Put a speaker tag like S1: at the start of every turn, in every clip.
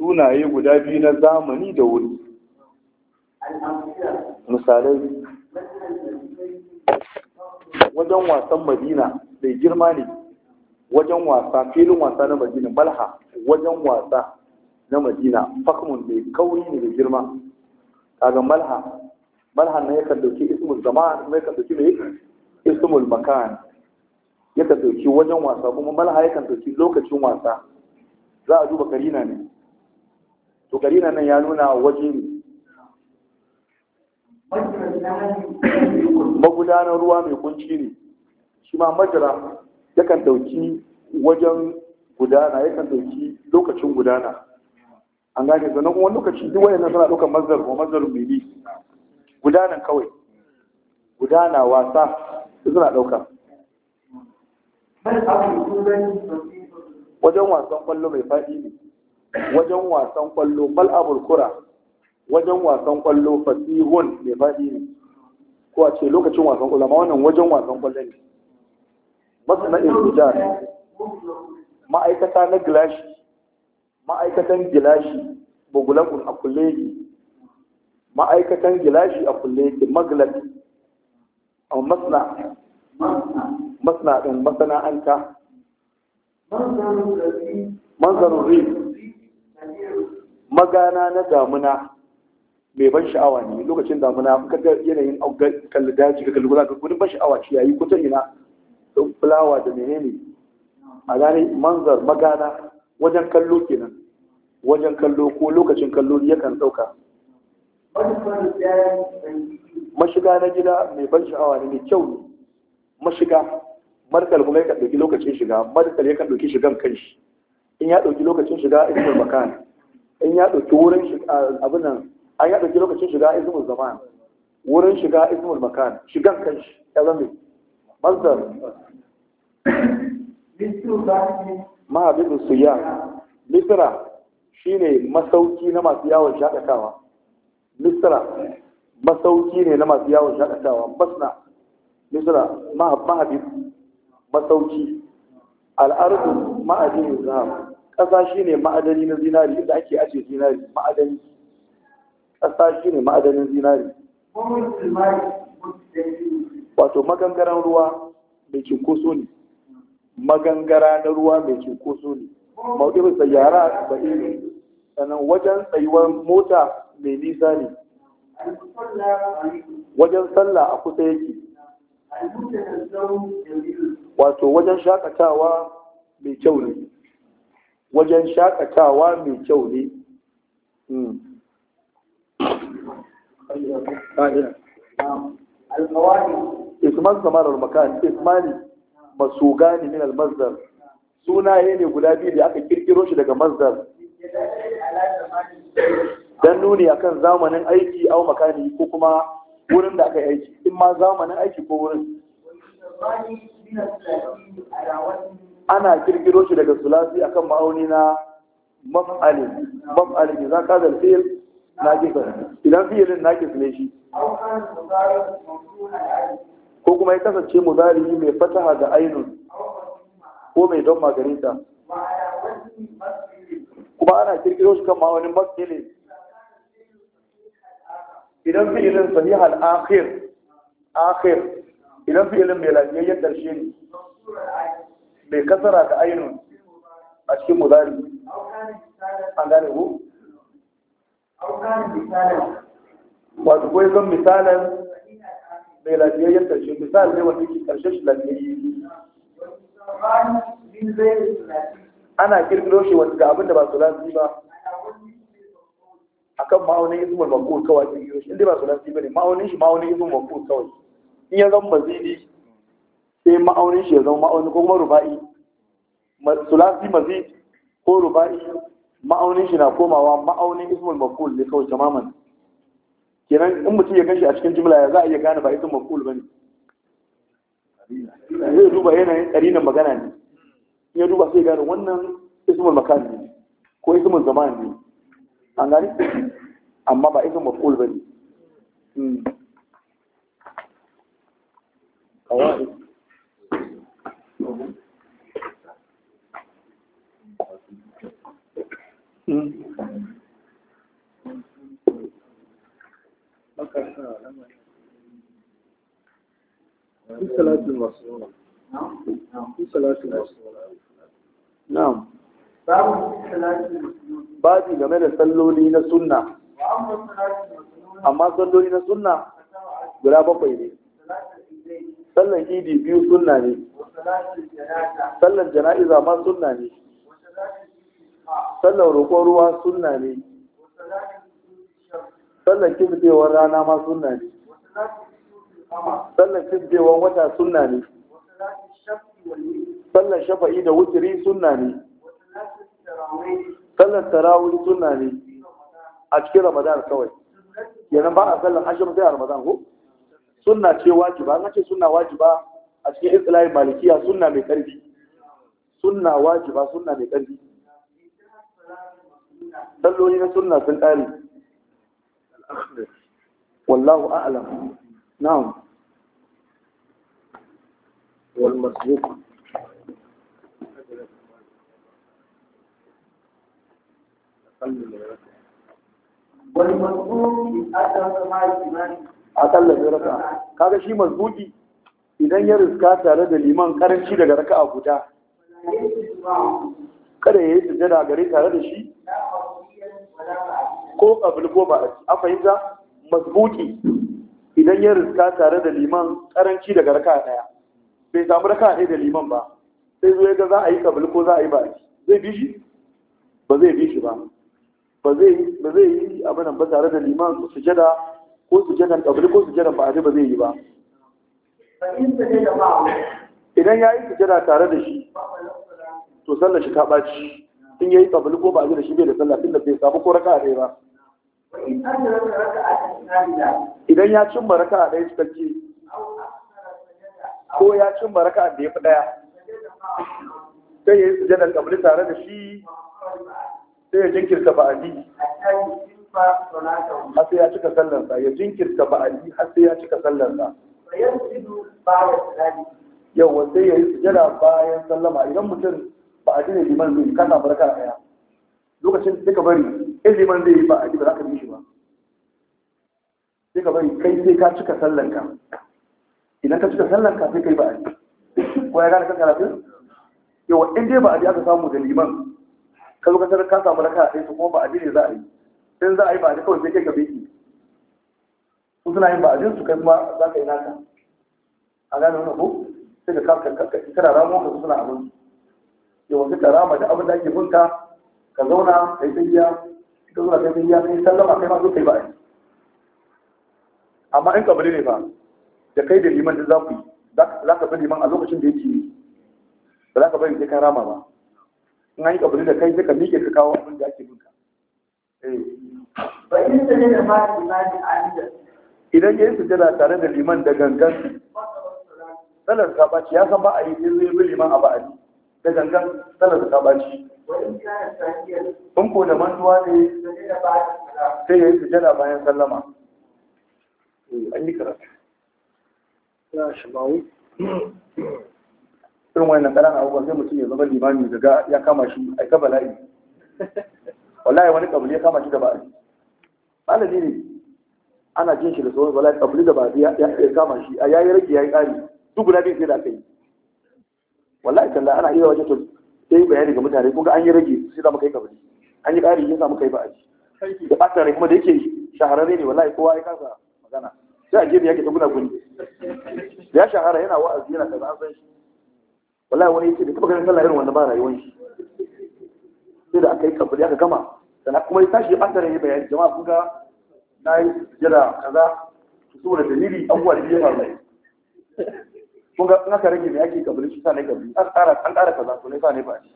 S1: sunaye guda biyu na zamani da wuri
S2: misalai
S1: wajen wasan madina mai girma ne wajen wasa filin wasa na madina balha wajen wasa na madina fakmun mai kauri ne mai girma kaga malha malha na yakan dauki ismul zama na yakan dauki mai ismul makan yakan dauki wajen wasa kuma malha yakan dauki lokacin wasa za a duba karina ne to na nan ya nuna waje ne magudanar ruwa mai kunci ne shi ma majira yakan dauki wajen gudana yakan dauki lokacin gudana an gane sannan kuma lokaci duk wani nasara ɗaukar mazhar ko mazhar mili gudana kawai gudana wasa suna dauka wajen wasan kwallo mai faɗi ne wajen wasan kwallo mal'abul kura wajen wasan kwallo fasihun mai faɗi ne ko a ce lokacin wasan kwallo amma wannan wajen wasan kwallo ne na masana ne ma'aikata na gilashi ma'aikatan gilashi bugulakun a kulle yake ma'aikatan gilashi a kulle yake maglat a masana masana ɗin masana'anta
S2: manzarun rif
S1: magana na damuna mai ban sha'awa ne lokacin damuna ga yanayin kalli daji ka kalli guda ka gudun ban sha'awa ce yayi ta ina don fulawa da menene a gane manzar magana wajen kallo kenan wajen kallo ko lokacin kallo yakan dauka mashiga na gida mai ban sha'awa ne mai kyau ne mashiga markal kuma yakan ɗauki lokacin shiga markal yakan ɗauki shigan kanshi in ya ɗauki lokacin shiga ilmul makana. in ya ɗauki wurin abin nan an ya ɗauki lokacin shiga ismul zaman wurin shiga ismul makan shigan kan shi ya zame mazdar mahabibin suya misra ne masauki na masu yawon shaɗatawa. misra masauki ne na masu yawon shaɗatawa. basna misra mahabib masauki al'ardu ma'ajin zahab ƙasa shi ne ma'adani na zinari inda ake ajiye zinari ma'adani ƙasa shi ne ma'adanin zinari wato magangaran ruwa mai cinkoso ne magangara na ruwa mai cinkoso ne mauɗin sayyara ba ne sannan wajen tsayuwar mota mai nisa ne wajen sallah a kusa yake wato wajen shakatawa mai kyau ne wajen shakatawa mai kyau ne hmm. isman samarar makan ismani masugani min almazdar sunaye ne guda biyu da aka kirkiro shi daga mazdar don nuni akan zamanin aiki au makani ko kuma wurin da aka yi aiki in ma zamanin aiki ko wurin ana kirkiro shi daga sulasi akan ma'auni na maf'alin maf'alin za ka zal fi'il naqisan idan fi'ilin naqis ne shi ko kuma ya kasance mudari mai fataha ga ainun ko mai don magarita kuma ana kirkiro shi kan ma'aunin maf'ilin idan fi'ilin sahih al-akhir akhir idan fi'ilin mai lafiyayyen ƙarshe ne mai kasara da ainihin a cikin muzari an gane ku? wato ko zan misalan mai lafiyayyar ƙarshe misalin ne wanda ke ƙarshe shi lafiyayye ana kirkiro shi wanda ga abinda ba su lafi ba A kan ma'aunin ismul makon kawai kirkiro shi inda ba su lafi ba ne ma'aunin shi ma'aunin ismul makon kawai in ya zan mazidi sai ma'aunin shi ya zama ma'aunin ko kuma ruba'i sulasi mazi ko ruba'i ma'aunin shi na komawa ma'aunin ismul maf'ul ne kawai tamaman kenan in mutum ya gashi a cikin jimla ya za a iya gane ba ismul ba ne.
S2: zai duba yanayin
S1: karinan magana ne in ya duba sai gane wannan ismul makan ne ko ismul zaman ne an gani amma ba ismul ba ne. قواعد Na'am. Babi game da salloli na sunna. Amma salloli na sunna guda bakwai ne. Sallan idi biyu sunna ne. sallar jana'iza ma sunna ne sallar roƙon ruwa sunna ne sallar kibdewar rana ma sunna ne sallar kibdewar wata sunna ne sallar shafa'i da wuturi sunna ne sallar tarawih sunna ne a cikin ramadan kawai yanan ba a sallar ashirin sai a ramadan ko sunna ce wajiba an ce sunna wajiba a cikin islamin malikiya suna mai ƙarfi sunna wajiba suna mai ƙarfi salloli na suna sun ƙare wallahu a'lam na'am wal masbuq wal mazbuki a kaga shi masbuki idan ya riska tare da liman karanci daga raka'a guda kada ya yi sujjada gare tare da shi ko kabil ko ba a fahimta masbuki idan ya riska tare da liman karanci daga raka'a daya bai samu raka'a ɗaya da liman ba sai zo ya ga za a yi kabil ko za a yi ba zai bi shi ba zai bi shi ba ba zai yi abin ba tare da liman sujada, ko sujjadan kabil ko sujjadan ba ba zai yi ba idan ya yi sujada tare da shi to sallar shi ta ɓaci in ya yi tsabali ko ba a da shi bai da sallah tun da bai samu ko raka a ɗaya ba idan ya cimma baraka a ɗaya cikakke ko ya cimma baraka a da ya fi ɗaya sai ya yi sujada tsabali tare da shi sai ya jinkirta ba'adi har sai ya cika sallarsa ya jinkirta ba'adi har sai ya cika sallarsa yawa sai ya yi sujada bayan sallama idan mutum ba a jina liman zai kasa barka a daya lokacin da ka bari in liman zai yi ba a ji ba za ka bi ba sai ka bari kai sai ka cika sallanka idan ka cika sallanka sai kai ba a ji ko ya gane kanka lafiya yawa in dai ba a aka samu da liman ka zo ka sanar ka a ɗaya su kuma ba a ji ne za a yi in za a yi ba a kawai sai kai ka bi ko suna yin ba'azin su kai kuma za ka yi naka a gane wani ko sai ka kafa kana ramo ka suna abin yawan ka rama da abin da ake bunka ka zauna ka yi tsayiya ka zauna ka yi tsayiya ka yi sallama kai ma zo kai ba'azin amma in kabari ne ba da kai da liman da za ku yi za ka bi liman a lokacin da yake ba za ka bari sai ka rama ba in an yi kabari da kai sai ka miƙe ka kawo abin da ake bunka. Eh. Bakin da ne da ba da ba da idan ya yi sujada tare da liman da gangan salar ta ɓaci ya san ba a yi in zai bi liman a ba'adi da gangan salar ta ɓaci
S2: in ko da Manduwa ne sai ya
S1: yi sujada bayan sallama eh, an yi karatu ya shi bawu irin wannan ƙananan abubuwan sai mutum ya zama limani daga ya kama shi aika bala'i wallahi wani kabul ya kama shi da ba'ali malami ne ana jin shi da sauran zalai kabli da bazi ya kama shi a yayi rage yayi ƙari duk guda biyu sai da aka yi wallahi talla ana iya wajen to sai bayani ga mutane kuma an yi rage sai za mu kai kabli an yi ƙari yin za mu kai ji da ɓata kuma da yake shahararre ne wallahi kowa ya kasa magana sai a gefe yake ta gunaguni da ya shahara yana wa'azi yana kaza an san shi wallahi wani yake da taɓa ganin sallah irin wani ba rayuwar shi sai da aka yi kabli aka gama sannan kuma ya tashi ya ɓata rai bayani jama'a kun ga na yi jira kaza su saboda dalili abubuwa da biyar mai kun ga naka rage mai ake kabili shi sa ne kabili an ƙara an ƙara kaza to ne sa ne ba shi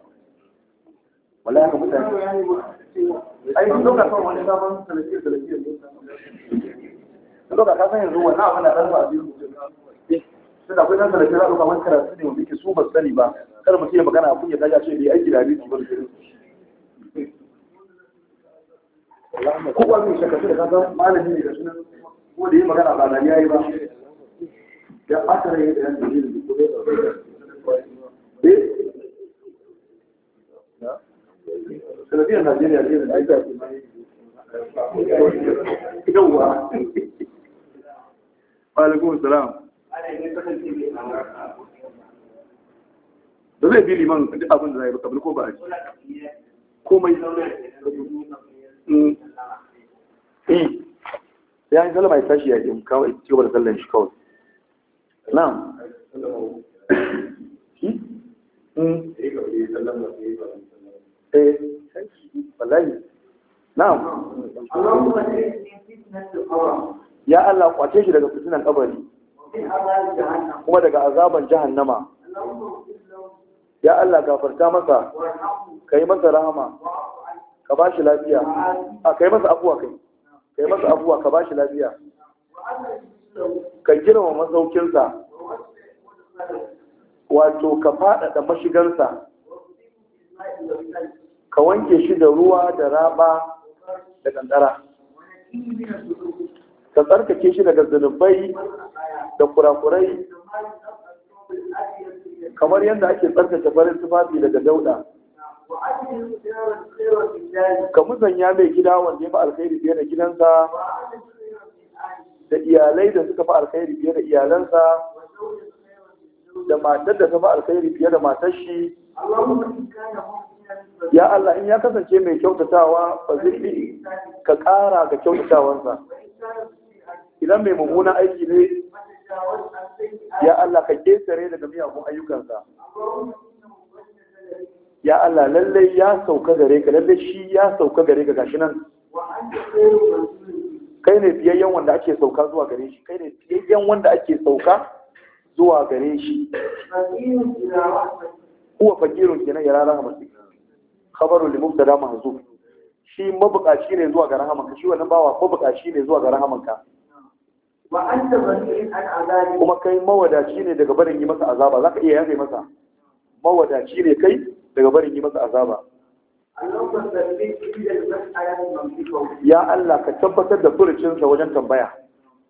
S1: wallahi haka mutane ai sun dauka kawai wani
S2: sabon salafiyar salafiyar ne
S1: sun dauka ka san yanzu wannan abin da ɗan ba a biyu tunda eh, akwai nan salafiyar za a ɗauka wani karatu ne wanda yake su ba sani ba kar mutum ya magana a kunya ta ce bai aiki da abin su ba ko ba mai shakatu da kasan malami ne da sunan ko da yi magana ba na yayi ba da asara ya da yan da yin eh? ko da da yi da yi da yi da zai liman abin da zai ba kabin ko ba a komai ya zalama ya tashi ya yi kawai ci gaba da shi kawai na eh. ya Allah kwace shi daga fitinan kabari
S2: kuma daga azaban jahannama
S1: ya Allah gafarta masa ka yi masa rahama ka ba shi lafiya a kai masa abuwa kai kai masa abuwa ka ba shi lafiya ka girma masaukinsa wato ka faɗaɗa mashigansa. ka wanke shi da ruwa da raba da ƙanƙara ka tsarkake shi daga zunubai da kurakurai
S2: kamar yadda ake
S1: tsarkake farin tufafi daga dauɗa ka musanya mai gida wanda ya fi alkhairi fiye da gidansa da iyalai da suka fi alkhairi fiye da iyalansa da matar da ta fi alkhairi fiye da matar shi ya Allah in ya kasance mai kyautatawa ba zai ka ƙara ga kyautatawansa idan mai mummunan aiki ne ya Allah ka ƙetare daga miyagun ayyukansa ya Allah lallai ya sauka gare ka lallai shi ya sauka gare ka gashi nan kai ne fiyayyen wanda ake sauka zuwa gare shi kai ne fiyayyen wanda ake sauka zuwa gare shi huwa fakirun kenan ya rara hamasi khabaru da dama mahzuf shi mabukaci ne zuwa ga rahamanka shi wannan bawa mabukaci ne zuwa ga rahamanka wa anta an azabi kuma kai mawadaci ne daga barin yi masa azaba zaka iya yafe masa mawadaci ne kai daga barin yi masa azaba ya Allah ka tabbatar da furucinsa wajen tambaya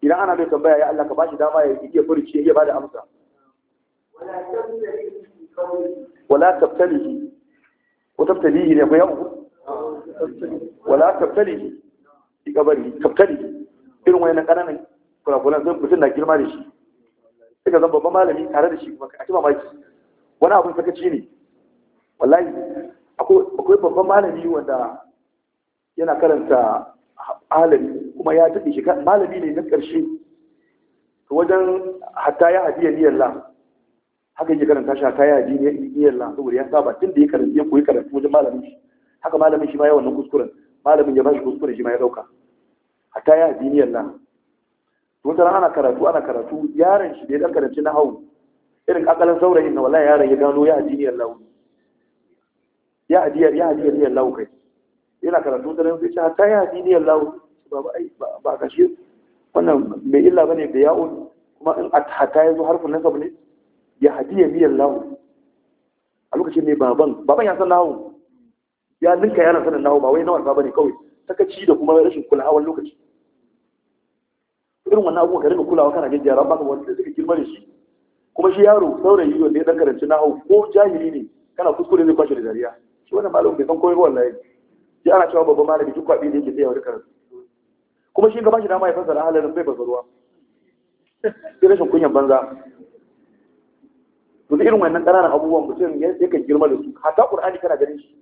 S1: idan ana mai tambaya ya Allah ka bashi dama ya iya furuci ya bada amsa wala tabtalihi ko tabtalihi ne ko yau wala tabtalihi ki kabari tabtalihi irin wani kananan kurakuran zan mutum na girma da shi suka zan babban malami tare da shi kuma ka ci mamaki wani abin sakaci ne wallahi akwai babban malami wanda yana karanta alami kuma ya daɗe shi malami ne na ƙarshe to wajen hatta ya hadiya niyyar la haka yake karanta shi hatta ya hadiya niyyar la saboda ya saba tun da ya karanta ya koyi karatu wajen malamin shi haka malamin shi ma ya wannan kuskuren malamin ya ba shi kuskuren shi ma ya ɗauka hatta ya hadiya niyyar la to wata ana karatu ana karatu yaron shi da ya ɗan karanci na hau irin akalan saurayin na wallahi yaron ya gano ya hadiya niyyar la wuri ya hadiyar ya hadiyar ya lawo kai yana karatu da nan sai ta ta ya hadiyar lawo ba ba ba kashi wannan mai illa bane da ya'un kuma in athata yazo harfin nasab ne ya hadiyar ya lawo a lokacin ne baban baban ya san lawo ya ninka yana sanin lawo ba wai nawar ba bane kawai takaci da kuma rashin kula wani lokaci irin wannan abubuwa ka rinka kulawa kana gajiya ran baka wanda suka girma da shi kuma shi yaro saurayi yau ya dan karanci nahu ko jahili ne kana kuskure zai kwashe da dariya shi wannan malamin bai san komai ba wallahi ji ana cewa babban malami duk kwabi da yake sai ya dukkan karatu kuma shi gaba shi dama ya fassara halarin bai bazaruwa sai rashin kunyan banza to irin wannan ƙananan abubuwan mutum yakan girma da su hatta qur'ani kana ganin shi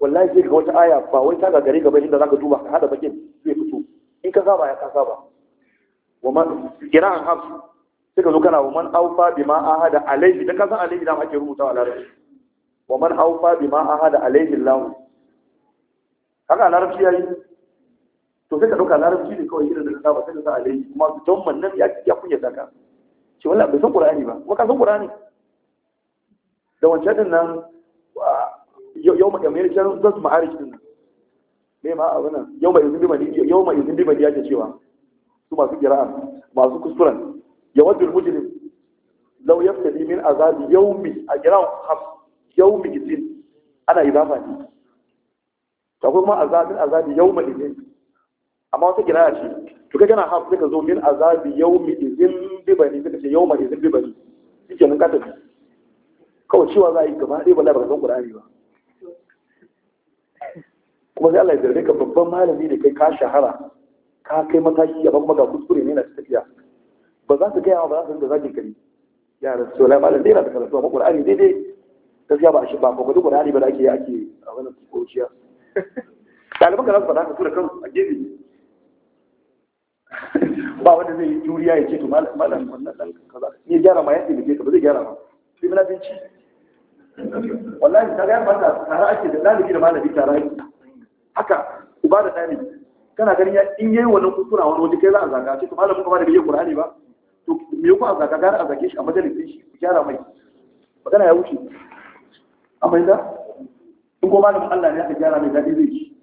S1: wallahi sai ga wata aya ba wai ta ga gare gaba inda zaka duba ka hada bakin zai fito in ka saba ya ka saba wa man kira an hafsu sai ka zo kana wa man aufa bima ahada alaihi da ka san alaihi da ake rubutawa a larabci wa man bi ma ahada alaihi Allah kaga larabci yayi to sai ka dauka larabci ne kawai irin da ka ba sai ka alaihi kuma don man nan ya ya kunya daga shi wallahi bai san qur'ani ba kuma ka san qur'ani da wancan din nan yau ma kamar yau zan ma'arij din nan me ma abun nan yau ma izin bimani yau ma izin bimani ya ce cewa su masu kira'a masu kuskuren yawadul mujrim law yaftadi min azabi yawmi ajran 50 yau mai izin ana idafa ne ta kuma azabin azabi yau mai izin amma wata gina ce to kai kana hafi suka zo min azabi yau mai izin bibani suka ce yau mai izin bibani suke nan ka kawai cewa za a yi gaba ɗaya ba labar zan ne ba kuma sai Allah ya zarge ka babban malami da kai ka shahara ka kai mataki ya kuma ga kuskure ne na tafiya ba za su gaya ba za su rinka zagin kare yaran su lai malam yana da karatu amma qur'ani daidai gaskiya ba a shi ba ko duk wani ba da ake ake a wannan kuciya ɗaliban ka za su faɗa ka tura kansu a gefe ba wanda zai yi juriya ya ce to malam wannan ɗan kaza ni gyara ma ya taimake ka ba zai gyara ma sai muna binci wallahi ta gaya mata tare ake da ɗalibi da malami tare ake haka uba da ɗalibi kana ganin ya in yayi wannan kuskura wani waje kai za a zaga ce to malamin kuma da bai yi qur'ani ba to me ku a zaga gara a zage shi a majalisin shi ku gyara mai magana ya wuce an fahimta in ko malamin Allah ne aka gyara mai daɗi zai ci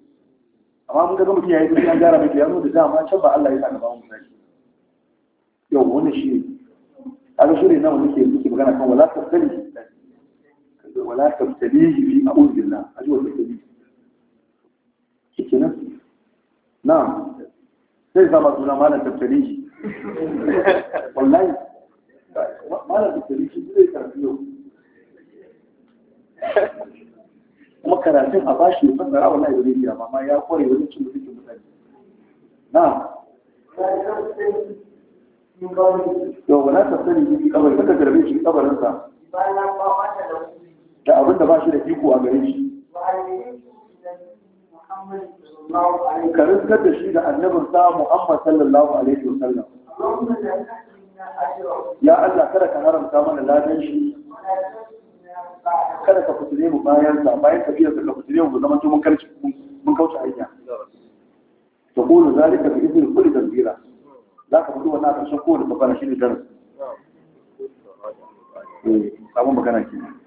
S1: amma mun ga mutum ya yi duk an gyara mai to ya zo da dama can ba Allah ya sa gaba mu sai yau wannan shi ne a shi ne nawa nake muke magana kan wala tabtali wala tabtali fi a'udhu billah ajwa tabtali shikenan Na, sai zama suna malam tabtali shi wallahi malam tabtali shi zai karfi yau kuma karatun a bashi ya na wallahi zai iya ma ya kware wajen cin mutuncin mutane na
S2: yau wani ta sani shi kabari suka garbe
S1: shi kabarinsa da abin da ba shi da iko a gare shi ka rinka da shi da annabin sa Muhammad sallallahu alaihi wasallam ya Allah kada ka haramta mana lafiyar shi kada ka fitire mu bayan sa bayan ka tafiyar ka fitire mu zama to mun karci mun kauce hanya to ko da zalika bi idhni kulli tadbira za ka fito wannan karshen da babban shi ne darasi eh sabon magana kenan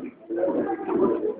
S1: Thank you.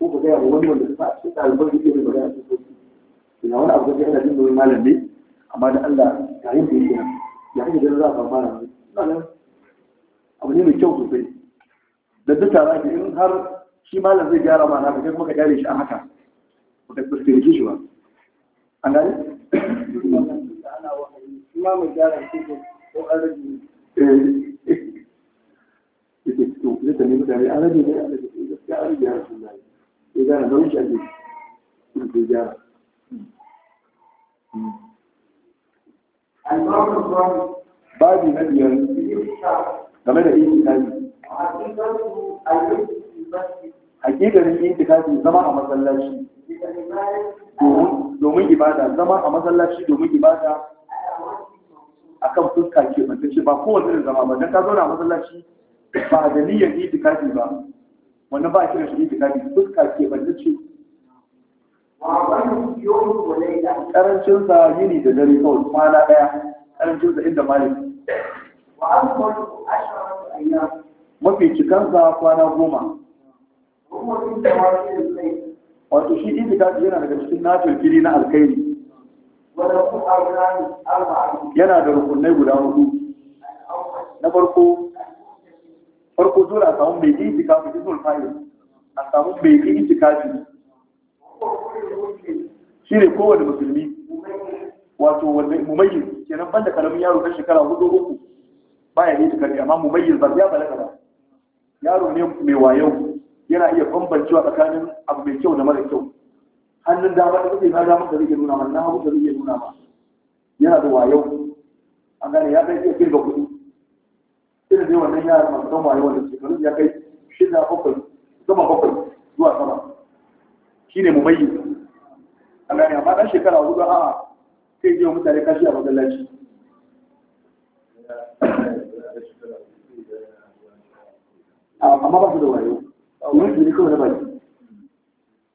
S1: ko ku gaya wani wanda kuka a cikin ɗaliban da yake magana da sosai ina wani abu da yana jin domin malam ne amma da Allah yayin da yake ya kake ganin za a fara malam ne abu ne mai kyau sosai da duk tara in har shi malam zai gyara ma na kai kuma ka gyare shi a haka ba ka tsirkirki shi ba an gane?
S2: ma mu gyara shi ko
S1: an rage eh ita to zai ta nemi da ya rage ne a rage gaskiya an gyara sai gyara zaman shi ake in sai gyara babi na biyar game da itikafi hakikanin itikafi zama a masallaci domin ibada zama a masallaci domin ibada akan fuska ke bantacce ba kowane irin zama ba don ka zauna a masallaci ba da niyyar itikafi ba wannan ba shi da shi itikadi fuska ke banda ce karancin sa yini da dare kawai kwana daya karancin sa inda malik mafi cikan sa kwana goma wato shi itikadi yana daga cikin natal fili na alkhairi yana da rukunai guda hudu na farko farko zuwa a bai mai iti kafi izul fayil a samu mai iti shiga shi ne kowane musulmi wato wanda mumayyiz kenan banda karamin yaro na shekara hudu uku baya iti kafi amma mumayyiz ba ya balaga ba yaro ne mai wayo yana iya bambancewa tsakanin abu mai kyau da mara kyau hannun dama da kuke na dama da zai nuna ma na hagu da zai nuna ma yana da wayo an gane ya kai iya kirga kuɗi irin dai wannan yara masu ɗan wayo wanda shekarun ya kai shida bakwai zama bakwai zuwa sama Shi ne mu bayyana a gane amma ɗan shekara hudu a kai yi wa mutane kashi a masallaci amma ba su da wayo wani jini kawai na baki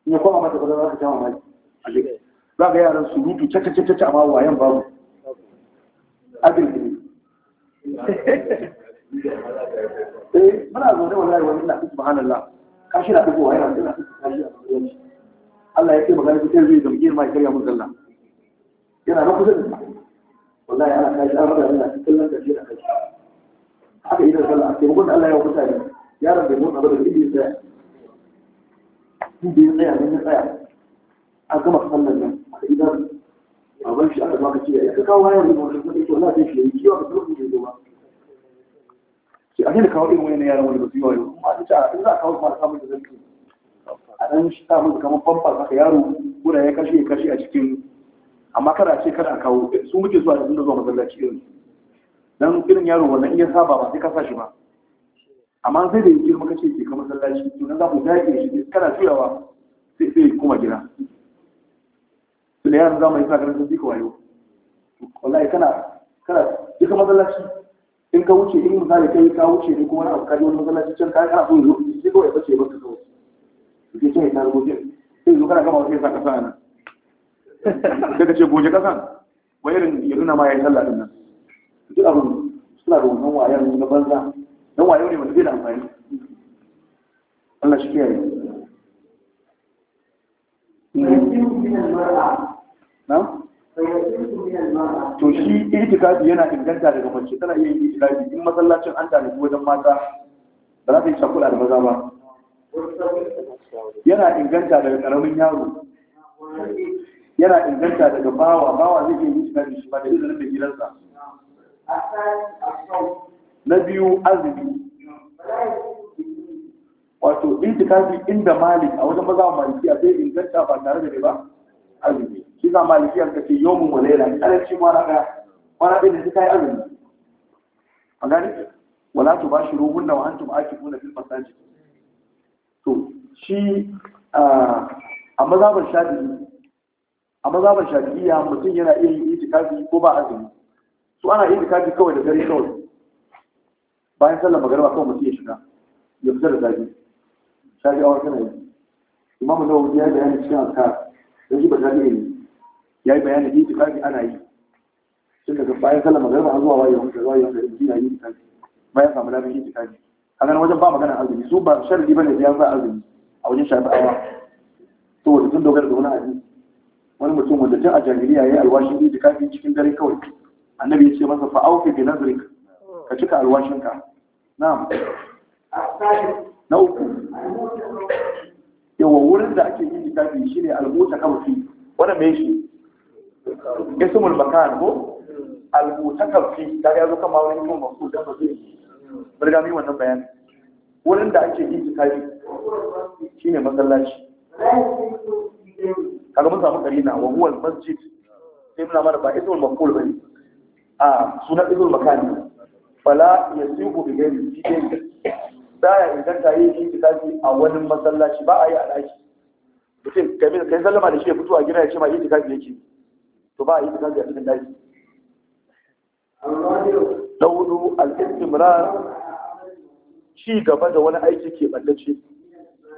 S1: in ya kwama mata bazan za ka kama maki a jikin za ka yaran su rutu cacacacaca amma wayan babu agirgiri eh muna zaune wallahi wani ina cikin subhanallah kashi na dubo yana da kashi Allah ya ce magana ku sai zai zamge mai karya mun sallah yana na kusa da ta wallahi ana kashi an rada ina cikin lantar shi da kashi haka idan sallah sai mun Allah ya hukunta ni yaron bai motsa ba da ibi sai inda ya tsaya nan ya tsaya a gama sallar nan a idan baban shi aka maka ce ya kawo wayar da mutum kuma ya ce wallahi sai shi ya yi kiwa ka sai ya zo ba a ne da kawo irin wani yaran wani ba su yi wayo kuma a ta in za a kawo masu samun da zai a ɗan sa musu kamar famfa saka yaro kuna ya kashe kashe a cikin amma kada a ce kada a kawo su muke zuwa da sun da zuwa masallaci irin dan irin yaro wannan iya saba ba sai ka sa shi ba amma sai da yake maka ce ke ka masallaci to nan za ku dage shi kana juyawa sai sai kuma gida to da yaran zamani suna ganin sun bi ka wayo wallahi kana kana ya ka masallaci in ka wuce in misali kai ka wuce ne kuma abu kan wani masallaci cikin ka abin yau sai kawai bace ba ka kawai sai kai ta goje sai zo kana gama wasu ka kasa nan sai ka ce goje kasa wayarin irin ya nuna ma ya sallah din nan duk abin suna da wannan wayan na banza dan wayo ne wanda zai da amfani Allah shi kiyaye na to shi itikafi yana inganta daga mace tana iya yin itikafi in masallacin an nufi wajen mata ba za ta yi shakula da maza ba
S2: yana inganta daga karamin yaro
S1: yana inganta daga bawa bawa zai iya yin itikafi shi ba da yi da gidansa na biyu azumi wato itikafi inda malik a wajen maza wa maliki a zai inganta ba tare da ba azumi za malikiya suka ce yawmun wa laila in karanci kwana daya kwana daya da ta yi azumi an gane wala tu bashi ruhun da wa antum akifuna fil masajid to shi a mazabar shafi'i a mazabar shafi'iyya mutum yana iya yin itikafi ko ba azumi su ana yin itikafi kawai da dare kawai bayan sallar magariba kawai mutum ya shiga ya fita da zafi shafi'awa na yi imam nawawi ya bayani cikin azkar da shi ba shafi'i ne ya yi bayanin itikafi ana yi tun daga bayan sallar magariba har zuwa wayewan da wayewan da yanzu yana yi itikafi bayan samu ladan itikafi a ganin wajen ba magana azumi su ba sharadi bane da ya za azumi a wajen shafi shafi'awa saboda tun dogara da wani hadisi wani mutum wanda tun a jahiliya ya yi alwashin itikafi cikin dare kawai annabi ya ce masa fa auki bi nazrik ka cika alwashinka na'am na uku yawa wurin da ake yi itikafi shine almuta kamfi wannan me shi ismul makan ko al-mutakab fi da ya zo kama wani kuma mafu da bazai burga wannan bayani wurin da ake yi tsari shine masallaci kaga mun samu karina wa huwa al-masjid sai na mara ba ismul maqul bane a sunan ismul makan fala yasibu bi ghairi shi da ya inganta yi itikafi a wani masallaci ba a yi al'aki. daki mutum kai sallama da shi ya fito a gida ya ce ma kaji yake to ba a yi tikafi a cikin daki na hudu al'istimrar shi gaba da wani aiki ke ɓallace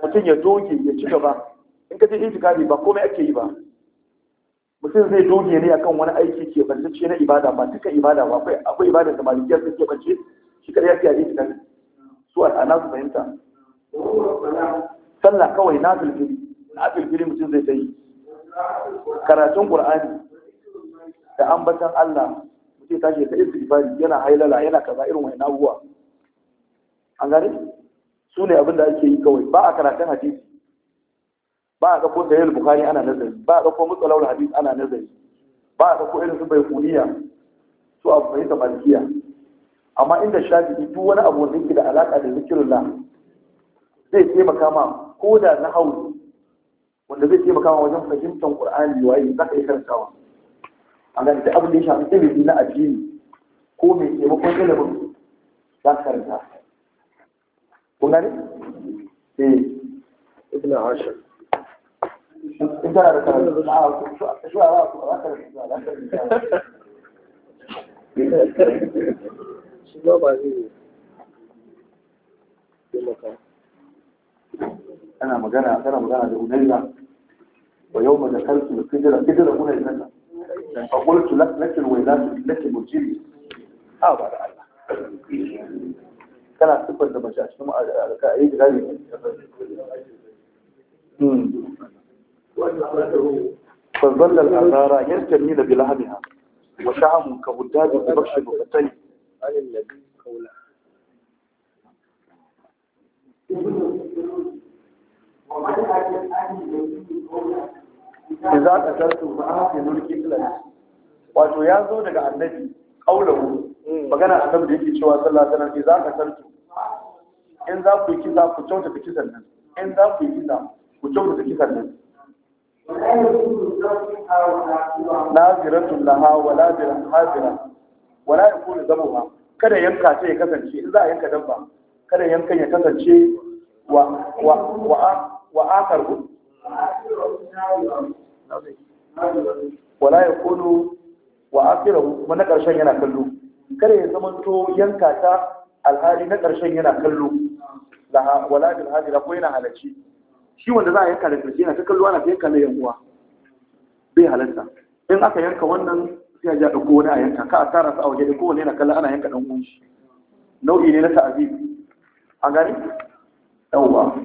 S1: mutum ya doge ya ci gaba in ka je itikafi ba komai ake yi ba mutum zai doge ne akan wani aiki ke ɓallace na ibada ba duka ibada ba akwai ibada da malikiyar ke ɓallace shi ya ake yi itikafi su al'ana su fahimta sallah kawai na filfili na filfili mutum zai ta yi karatun qur'ani da ambatan Allah mutum ce ta istighfari yana hailala yana kaza irin wani nabuwa an gane su ne abin da ake yi kawai ba a karatun hadisi ba a ɗauko sahih bukhari ana nazari ba a ɗauko mutsalawul hadisi ana nazari ba a ɗauko irin su bai kuniya su abu fahimta malikiya amma inda shafi'i duk wani abu wanda yake da alaƙa da zikirullah zai taimaka ma ko da na hauli wanda zai taimaka ma wajen fahimtar qur'ani waye zaka yi karantawa a gani da abin da ya shafi ilimi na addini ko mai taimakon ilimin za ka karanta kun gani? eh ibn ashir in tana da karatu
S2: a shi a za ka karanta shi
S1: ba ba zai taimaka ana magana tana magana da unaila wa yau ma da kalsu da kidira kidira unaila فقلت لك لك الولاد لك المجري اه بعد الله kana sifar da mace a cikin alka'ayi فظل الأغارة يرتمي بلهمها وشعم كهداد ببخش مفتين عن النبي قوله ومن أجل أهل ka a haka yanzu rikin qitla wato ya zo daga annabi kaulahu magana kan da yake cewa ta nan eh, za ka qataltu in za ku yi kisa ku kyautata kisan nan in za ku yi kisa ku da kisan nan naziratun laha wa naziran hazira wa la yakunu zabuha kada yanka ta ya kasance in za a yanka dabba kada yankan ya kasance wa wa
S2: wa wa akar
S1: wala ya kulu wa akirahu kuma na ƙarshen yana kallo kada ya to yanka ta alhali na ƙarshen yana kallo laha wala bil da ko na halacci shi wanda za a yanka da ƙarshe yana ta kallo ana ta yanka na yankuwa bai halarta in aka yanka wannan sai a ja ɗauko wani a yanka ka a tara su a waje da kowane yana kalla ana yanka ɗan uwan shi nau'i ne na ta'azi a gani yawwa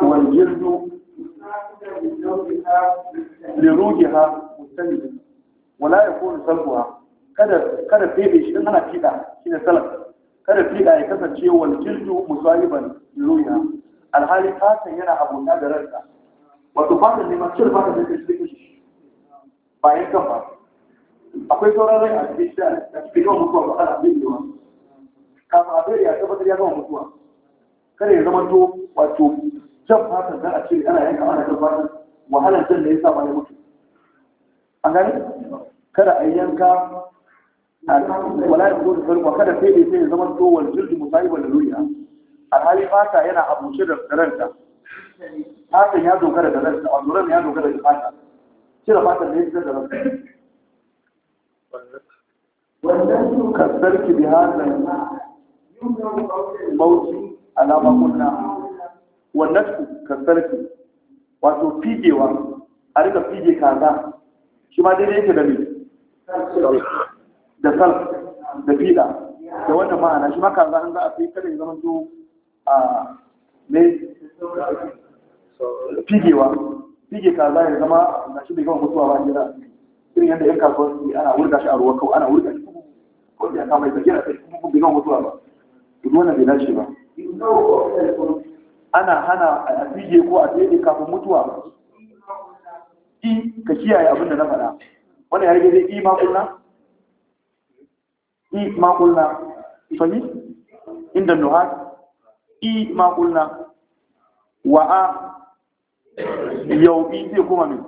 S2: wal jirdu
S1: liruhiha mustani wala yakunu salbuha kada kada fede shi dan ana fida shi ne salaf kada fida ya kasance wal jildu musayiban liruhiha alhali fatan yana abunda da ranka wato fatan ne ma cin fatan da take shi bayan kan ba akwai sauran rai a cikin shi a cikin yawan mutuwa ba ana bin yawa kafin a ya tabbatar ya gama mutuwa kada ya zama shan fatan don a ce ana yanka ana kan fatan wahalar jan da ya sa ma ya mutu an gani kada a yanka wala ya zo da sarwa kada sai dai sai ya zama to wal jirgi musayiba da luriya alhali fata yana abuce da ranta fatan ya dogara da ranta a duran ya dogara da fata cire fatan ne fitar da ranta wannan su kasarki bi hazan mauti alama kunna wannan kasarfi wato figewa a rika fige kaza shi ma daidai yake da me da sal da fiɗa da wannan ma'ana shi ma kaza an za a fi kada ya zama to a ne figewa fige kaza ya zama na shi bai gama mutuwa ba jira irin yadda yan kasuwa su ana wurga shi a ruwa kawai ana wurga shi kuma kawai ya kama ya bayyana sai kuma bai gama mutuwa ba duk wannan bai dace ba ana hana a tsige ko a tsige kafin mutuwa i ka kiyaye abin da na faɗa Wani ya rage zai i makulna i makulna fahimi inda nuhat i makulna wa a yau'i zai kuma min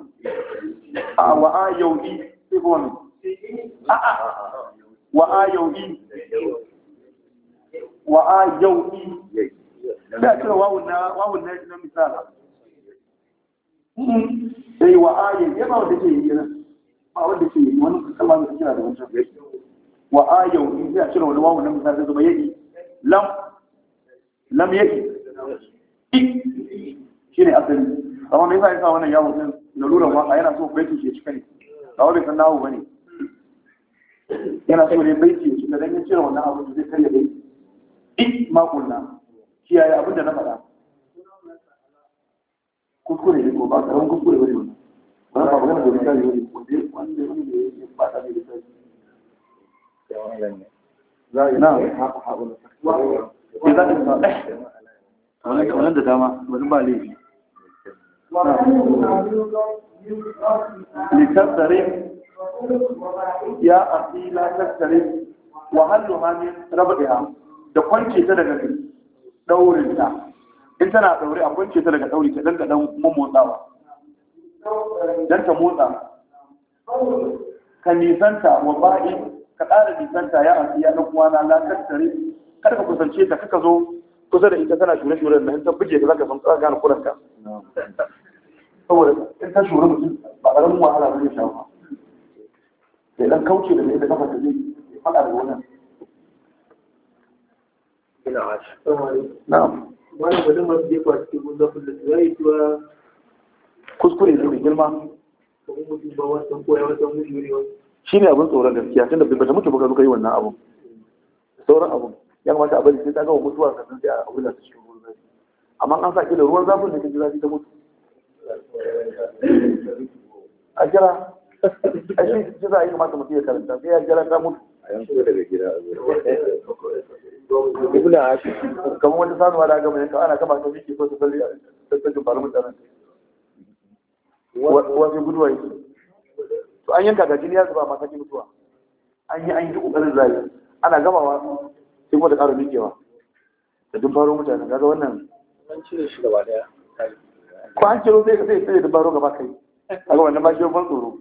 S2: a wa a yau'i zai kuma min a a
S1: wa a yau'i. wa a yau'i. da cire wawun na wawun na na mm-hmm. wa ayin ya ke yi ba ke yi wani da wancan wa misala shi ne asali yawon yana so baiti ke cika ne ba san yana so ne baiti ya cika ya cire wannan abu da zai karya baiti ma kiyaye abin da na faɗa kuskure ne ko ba ka ran kuskure wani wani ba ka magana da wani bane wanda wani wanda yake ba ta da misali ya za ina ha ha wani ke za ka ta wani da da dama wani ba laifi يا أخي لا تسرم وهل من ربعها da kwance ta daga daurinta in tana daure a kwance ta daga dauri ta dan dan motsawa dan ta motsa ka nisanta wa ba'i ka ƙara nisanta ya a siya na kwana na kattare kada ka kusance ta kaka zo kusa da ita tana shure shure da in ta buge ka zaka san tsaka gane kuranka saboda in ta shure mutum ba ƙaramin wahala ba zai sha ba sai dan kauce da ita kafa ta zai faɗa da wannan na'am wani gudun masu jefa cikin gudun fulus ya yi cewa kuskure ne mai girma shi ne abin tsoron gaskiya tunda bai bata mutu ba ka yi wannan abu sauran abu ya kamata a bari sai ta gama mutuwa sannan sai a da ta cikin ruwan zafi amma an sa kila ruwan zafin da ta ji zafi ta mutu a jira a shi za a yi kamata mutum ya karanta sai ya jira ta mutu a yanzu daga gida a zuwa ibn ashi kamar wani sanuwa da gama yanka ana kama ta miki so ta salli a tattajin faru mutanen wasu guduwa yake to an yanka ga jini ya zuba mata ki mutuwa an yi an yi kokarin zai ana gamawa sai kuma da ƙara mikewa da duk faro mutane kaga wannan
S2: an cire shi gaba daya
S1: ko an ciro sai sai sai da faru gaba kai A kaga wannan ba shi ban tsoro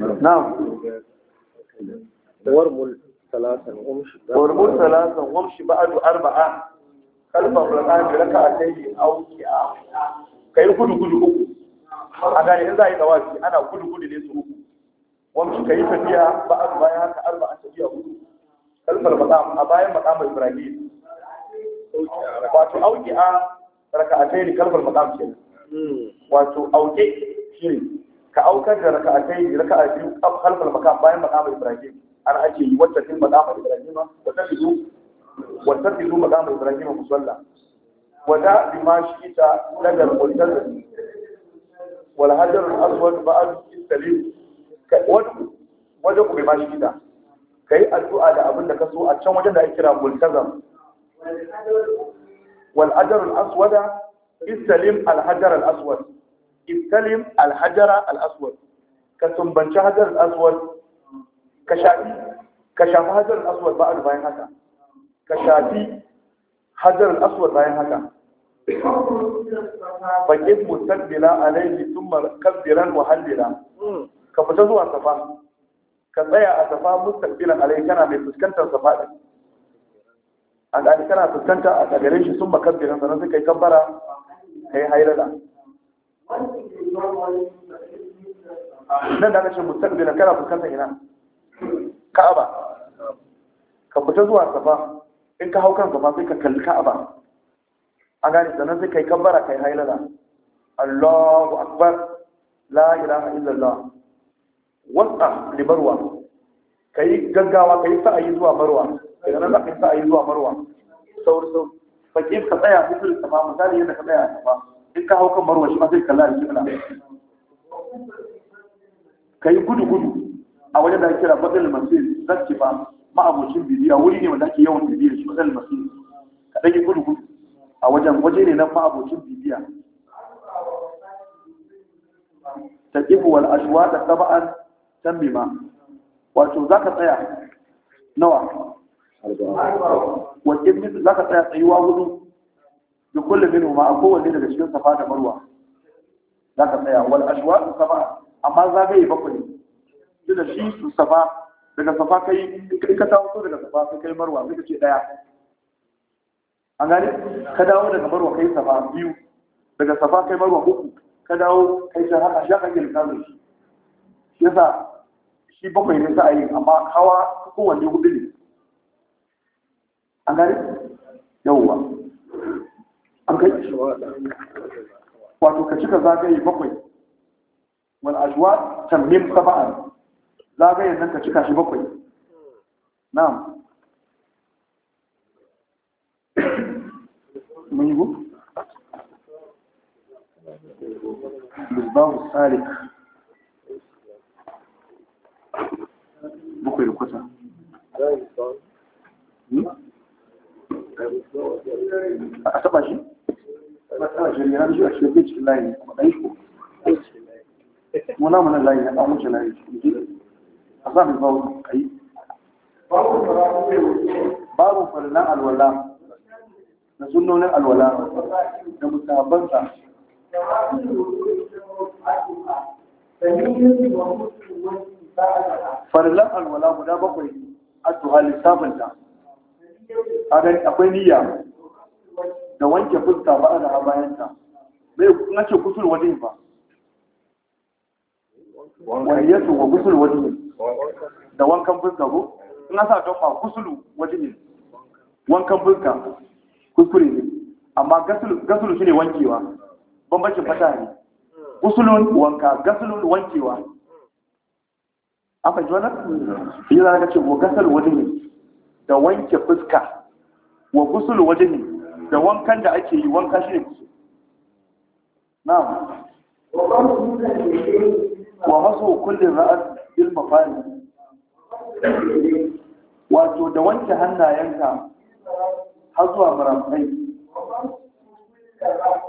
S1: na'am warmul salasan umshi warmul salasan umshi ba'du arba'a kalfa qur'an raka'atayn aw ki'a kai gudu gudu uku a gane in za a yi tawafi ana gudu ne su uku wamshi kai tafiya ba'du bayan haka arba'a tafiya hudu kalfar a bayan wato auki a raka'atayn kalfar maqam kenan hmm. wato auki shine ka aukar da raka'atai raka'a biyu halkal makan bayan maqam ibrahim an ake yi wata fil maqam ibrahim wata biyu wata biyu maqam ibrahim musalla wada bima shi'ita ladal multazim wal hajar al aswad ba'd salim ka wadu wajen ku bima Ka yi addu'a da abin da ka so a can wajen da ake kira multazam wal hajar al aswad istalim al hajar al aswad يسلم الحجر الأسود كسم بنش حجر الأسود كشافي كشاف حجر الأسود بعد بين هذا كشافي حجر الأسود بين هذا فكيف مستقبلا عليه ثم كبدلا وحلدلا كفتزوا أصفا كطيع أصفا مستقبلا عليه كان من تسكنت أصفا أن أنا كان تسكنت أتقريش ثم كبدلا فنزل كي كبرا هي هاي لدى nan da aka ce mustaqbil kana fuskanta ina ka'aba ka fita zuwa safa in ka hau kan safa sai ka kalli ka'aba an gane sannan sai kai kabbara kai hailala Allahu akbar la ilaha illallah wasa li barwa kai gaggawa kai sa'ayi zuwa barwa. idan nan za ka yi sa'ayi zuwa barwa. sauri sauri fakif ka tsaya fitur sama misali yadda ka tsaya sama in ka hau kan marwa shi ma sai kalla da jimla ka yi gudu gudu a wajen da ake kira badal masir zaki ba ma'abocin bidiya wuri ne wanda ake yawan bidiya shi badal masir ka ɗan gudu gudu a wajen waje ne na ma'abocin bidiya ta ibu wal ashwa da saba'an tambima wato za ka tsaya nawa wa za ka tsaya tsayuwa hudu bi kulli minhu ma kowanne daga cikin safa da marwa za ka tsaya wal ashwa safa amma za yi bakwai da shi su safa daga safa kai in ka tawo daga safa kai kai marwa sai ka ce daya an gane ka dawo daga marwa kai safa biyu daga safa kai marwa uku ka dawo kai shi haka shi haka ke da shi yasa shi bakwai ne za a yi amma hawa kowanne hudu ne an gane yawwa wato ka cika zagaye bakwai wal ajwa tamim sab'an zagayen nan ka cika shi bakwai na'am salik hmm? a taba shi matsala a shirya cikin layi layi na a yi babu farnan alwala da sunnonin alwala da musabansa farlan alwala guda bakwai a tuhalin sabanta akwai niyya da wanke fuska ba da ta mai na ce kusur wani ba wani tuwa wa wani ne da wankan fuska ko in sa don ma kusur wani. ne wankan fuska kuskure ne amma gasulu shi ne wankewa bambancin fata ne kusulun wanka gasulun wankewa an fahimci wannan yi za ce wa gasar wani ne da wanke fuska wa gusul wani. ne da wankan da ake yi wanka shi ne kusur na'am wa maso kullum ra'ar ilma fari. wato da wanke hannayenka har zuwa maramai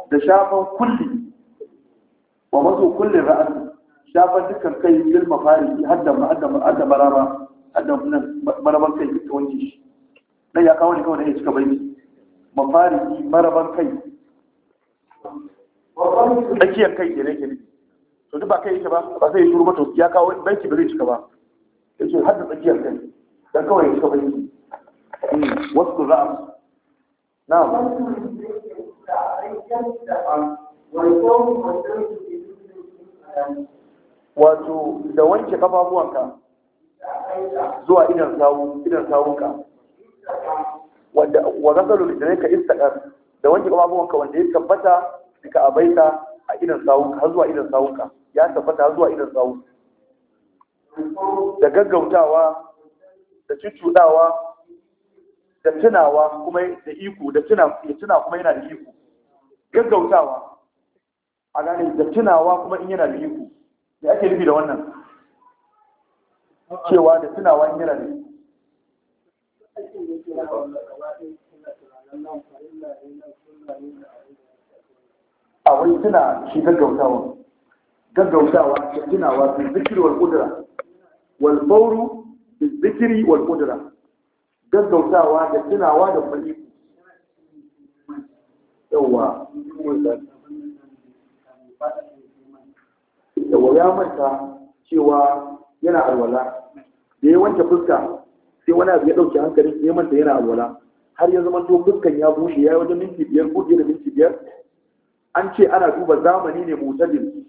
S1: da shafan kulli wa maso kullin ra'ar shafan dukkan kai ilma fari hadda hadda hadda marama hadda nan kai ta wanke shi dan ya kawo ne kawai da ya cika bai ni maraban kai tsakiyar kai ke nake to duk ba kai yake ba ba zai shuru ba to ya kawo banki ba zai cika ba yace har da tsakiyar kai dan kawai ya cika banki hmm, wasu ra'am na'am wato da wanke kafafuwanka zuwa idan sawunka wanda wa gasalu da ka istaqar da wanke kafafuwanka wanda ya tabbata duka abaita a idan sawunka har zuwa idan sawunka ya tabbata har zuwa idan sawunka da gaggautawa da cucudawa da tunawa kuma da iko da tuna ya tuna kuma yana da iko gaggautawa a gane da tunawa kuma in yana da iko me ake nufi da wannan cewa da tunawa in yana da iko a tuna shi gaggautawa gaggautawa da tunawa bin zikiri wal kudura wal fauru bin zikiri wal kudura gaggautawa da tunawa da fali yawa yawa ya manta cewa yana alwala da ya fuska sai wani abu ya ɗauke hankalin ya manta yana alwala har ya zama to fuskan ya bushe ya yi wajen minti biyar ko da minti biyar an ce ana duba zamani ne mutadin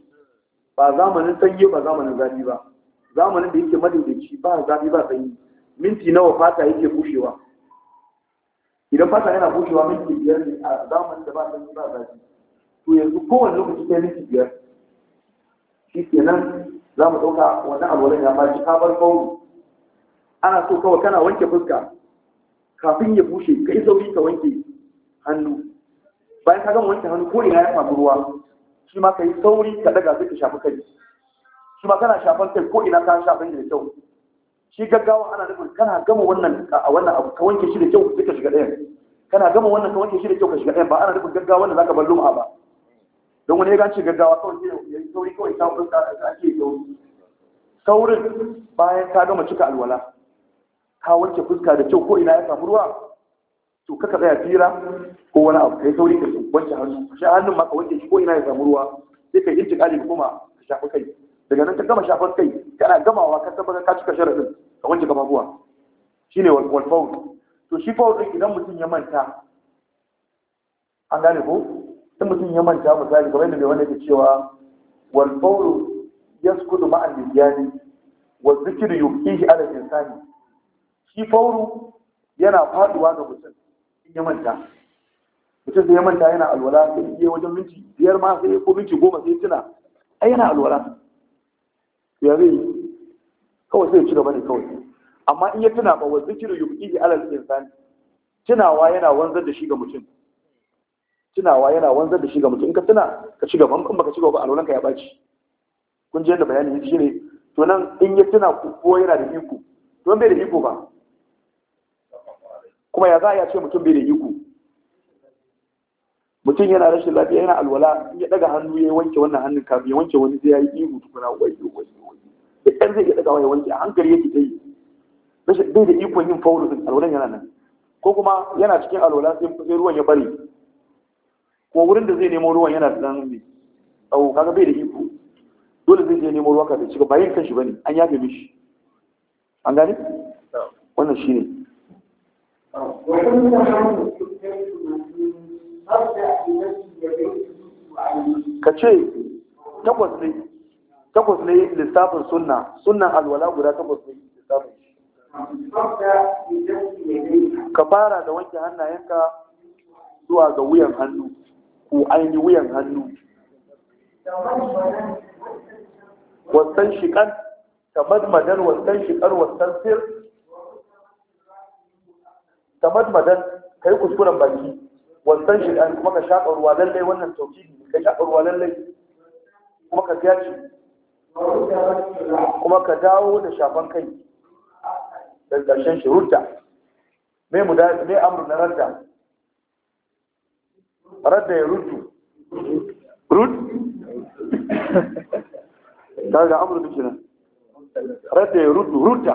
S1: ba zamanin sanyi ba zamanin zafi ba zamanin da yake madaidaici ba zafi ba sanyi minti nawa fata yake bushewa idan fata yana bushewa minti biyar ne a zamanin da ba sanyi ba zafi to yanzu kowane lokaci sai minti biyar shi kenan za mu ɗauka wannan alwalan ya fashi shi ka bar fauru ana so kawai kana wanke fuska kafin ya bushe ka yi sauri ka wanke hannu bayan ka gama wanke hannu ko ina ya samu ruwa shi ma ka yi sauri ka daga zai ka shafi kai shi ma kana shafan kai ko ina ka shafan da kyau shi gaggawa ana nufin kana gama wannan a wannan abu ka wanke shi da kyau zai ka shiga ɗayan kana gama wannan ka wanke shi da kyau ka shiga ɗayan ba ana nufin gaggawa wanda zaka bar lum'a ba don wani ya gance gaggawa kawai
S2: sai ya yi sauri kawai ta fuska ake yi sauri
S1: saurin bayan ka gama cika alwala ka wanke fuska da kyau ko ina ya samu ruwa to kaka tsaya tsira ko wani abu kai sauri ka wanke hannu ka sha hannun ma ka wanke shi ko ina ya samu ruwa sai ka yi intiƙali ka koma ka shafa kai daga nan ka gama shafa kai kana gamawa ka tabbatar ka cika sharaɗin ka wanke kafafuwa shine wal faul to shi faul din idan mutum ya manta an gane ko idan mutum ya manta misali kamar yadda wanda yake cewa wal faul yaskudu ma'a al-bidyani wa dhikru yuqihi ala al-insani shi fauru yana faduwa ga mutum in ya manta mutum sai ya manta yana alwala sai ya wajen minti biyar ma sai ko minti goma sai tuna ai yana alwala ya zai kawai sai ya ci gaba ne kawai amma in ya tuna ba wa zikiru yubqihi alal insani tunawa yana wanzar da shi ga mutum tunawa yana wanzar da shi ga mutum in ka tuna ka ci gaba in ka ci gaba alwalan ka ya baci kun ji yadda bayani shi ne to nan in ya tuna ko yana da iko to bai da iko ba kuma ya za a ce mutum bai da iko mutum yana rashin lafiya yana alwala in ya daga hannu ya wanke wannan hannun kafin ya wanke wani sai ya yi ihu tukuna wayo wayo wayo da ƙyar zai iya dagawa ya wanke a hankali yake dai rashin bai da ikon yin faulu din alwalan yana nan ko kuma yana cikin alwala sai ruwan ya bari ko wurin da zai nemo ruwan yana da ne, tsawo kaga bai da iko dole zai je nemo ruwa kafin shiga ba yin kanshi bane an yafe mishi an gane wannan shine ka ce takwas ne takwas ne lissafin sunna sunna alwala guda takwas ne lissafin ka fara da wanke hannayenka zuwa ga wuyan hannu ko aini wuyan hannu wasan shiƙar ka madmadar wasan shiƙar wasan sir tamadmadan kai kuskuren baki wannan shi kuma ka shaka ruwa lalle wannan tauhidi ka shaka ruwa lalle kuma ka gaci kuma ka dawo da shafan kai da karshen shi rudda me mu da me amru na radda radda ya ruddu rud daga amru dukina radda ya ruddu rudda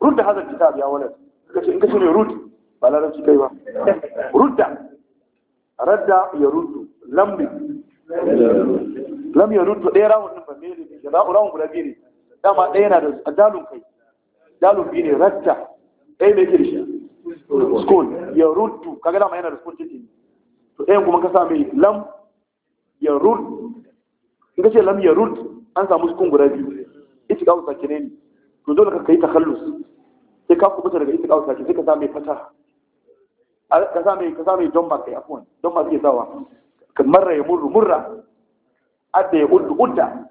S1: rudda hadal kitab ya wani kace in kace ne rudda ba larabci kai ba rudda radda ya rudu lambi lam ya ruddu ɗaya rawun ɗin ba ne ne da rawun guda biyu ne dama ɗaya na da dalun kai dalun biyu ne radda ɗaya mai kirishi school ya ruddu kaga dama yana da school ciki to ɗayan kuma ka sa mai lam ya rudu in ka ce lam ya rudu an samu school guda biyu ita kawo sakine ne to dole ka kai takallus sai ka kubuta daga ita kawo sakine sai ka sa mai fata ka sa mai ka sa mai don ba kai afwan don ba suke sawa marra ya murru murra adda ya uddu udda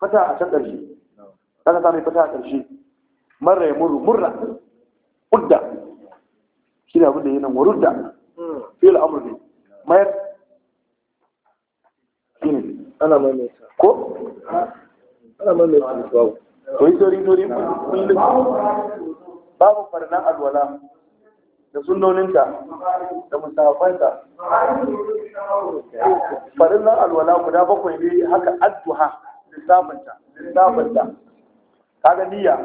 S1: fata a can ƙarshe ka sa mai fata a ƙarshe marra ya murru murra udda shi ne abin da yana warudda fi'il amr ne mayar shine ana maimaita ko ana maimaita babu yi tori tori kullum babu farnan alwala da sunnoninta da musafanta nan alwala guda bakwai ne haka addu'a lissafinta lissafinta kaga niyya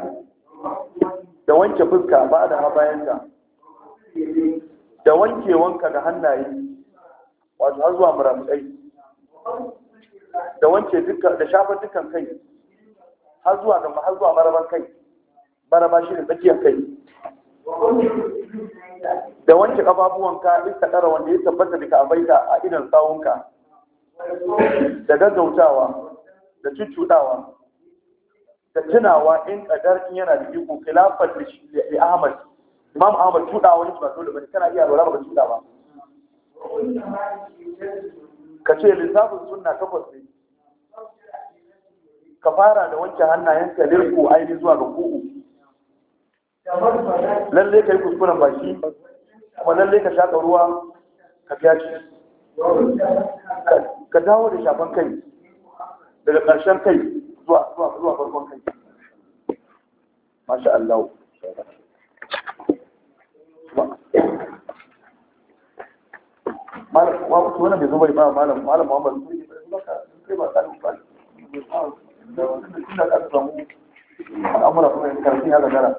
S1: da wanke fuska ba da habayanta da wanke wanka da hannaye wato har zuwa muramukai da wanke dukkan da shafa dukkan kai har zuwa ga har zuwa maraban kai maraba shi ne tsakiyar kai da wanke kafafuwanka in ka tsara wanda ya tabbata da ka'abaita a idan tsawonka da gaggautawa da cuccuɗawa da tunawa in ƙadar in yana da iko shi da Ahmad Imam Ahmad cuda wani ba dole bane kana iya lura ba cuda ba ka ce lissafin sunna takwas ne ka fara da wanke hannayenka lirku ainihin zuwa ga ku'u lalle ka yi kuskuren baki kuma lalle ka shaƙa ruwa ka fyaci ka dawo da shafan kai daga ƙarshen kai zuwa zuwa farkon kai masha Allah wannan bai zuba ba malam malam Muhammad sai ba tsarin ba da wannan da da samu al'amura kuma in gara